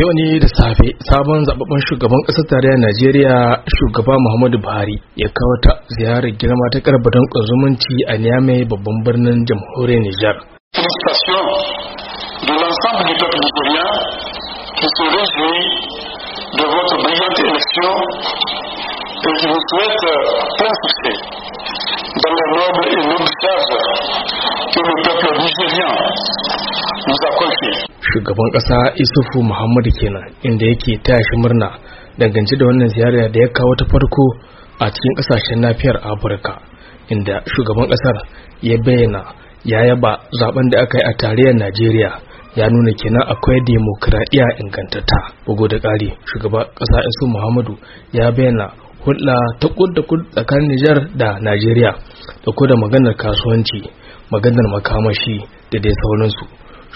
yau ne da safe sabon zababben shugaban ƙasar tarayyar najeriya shugaba muhammadu buhari ya kawo ta ziyarar girma ta karbaton zumunci a niamey babban birnin jamhuriyar nijar dans le nobles et nobles tâches que le peuple nigérien shugaban kasa isufu muhammadu kenan inda yake taya shi murna dangance da wannan ziyara da ya kawo ta farko a cikin kasashen nafiyar afirka inda shugaban kasar ya bayyana ya yaba zaben da aka yi a tarayyar najeriya ya nuna kenan akwai demokradiyya ingantatta bugu da ƙari shugaban kasa isufu muhammadu ya bayyana hulɗa ta da tsakanin nijar da najeriya da da maganar kasuwanci maganar makamashi da dai sauransu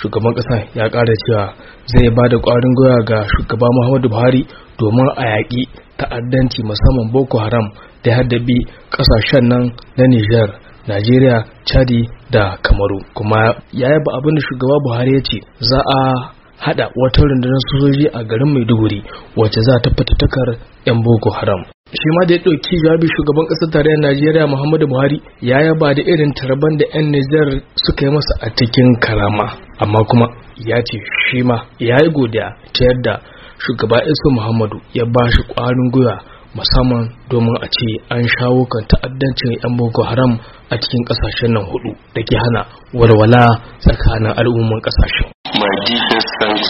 shugaban kasa ya ƙara cewa zai ba da ƙwarin gwiwa ga shugaba muhammadu buhari domin a yaƙi ta'addanci musamman boko haram da haddabi ƙasashen nan na niger najeriya chadi da kamaru kuma ya yaba abin da shugaba buhari ya ce za a hada wata rundunar sojoji a garin maiduguri wacce za ta fitattakar 'yan boko haram shi ma da ya ɗauki jawabi shugaban ƙasar tarayyar najeriya muhammadu buhari ya yaba da irin tarban da 'yan nijar suka yi masa a cikin karama amma kuma ya ce shi ma ya yi godiya ta yadda shugaba Isa muhammadu ya ba shi ƙwarin gwiwa musamman domin a ce an shawo kan ta'addancin 'yan boko haram a cikin kasashen nan hudu da ke hana walwala tsakanin al'umman kasashen. My deepest thanks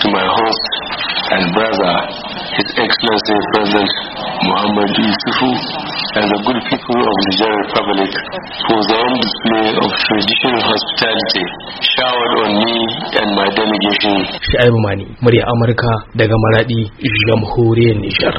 to my host and brother, His Excellency President Muhammad Yusufu and the good people of the General Republic for the display of traditional hospitality shawarwani and my delegation. shi'ar Mani, murya Amurka daga Maradi, jamhuriyar Nijar.